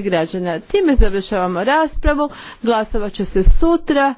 građana. Time završavamo raspravu, glasovat će se sutra.